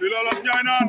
li Wolof Njaay naan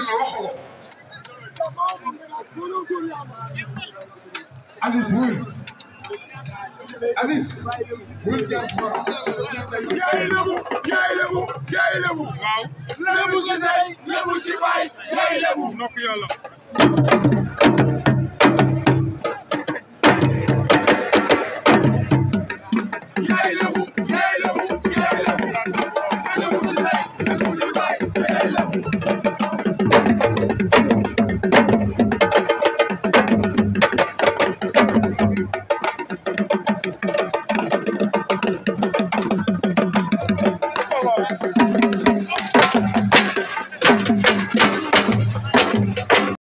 Aziz la waxu ko Aziz bul Aziz bul jàpp yaay lebu yaay lebu yaay lebu waaw lebu si say lebu si baay yaay lebu nokk yàlla yaay lebu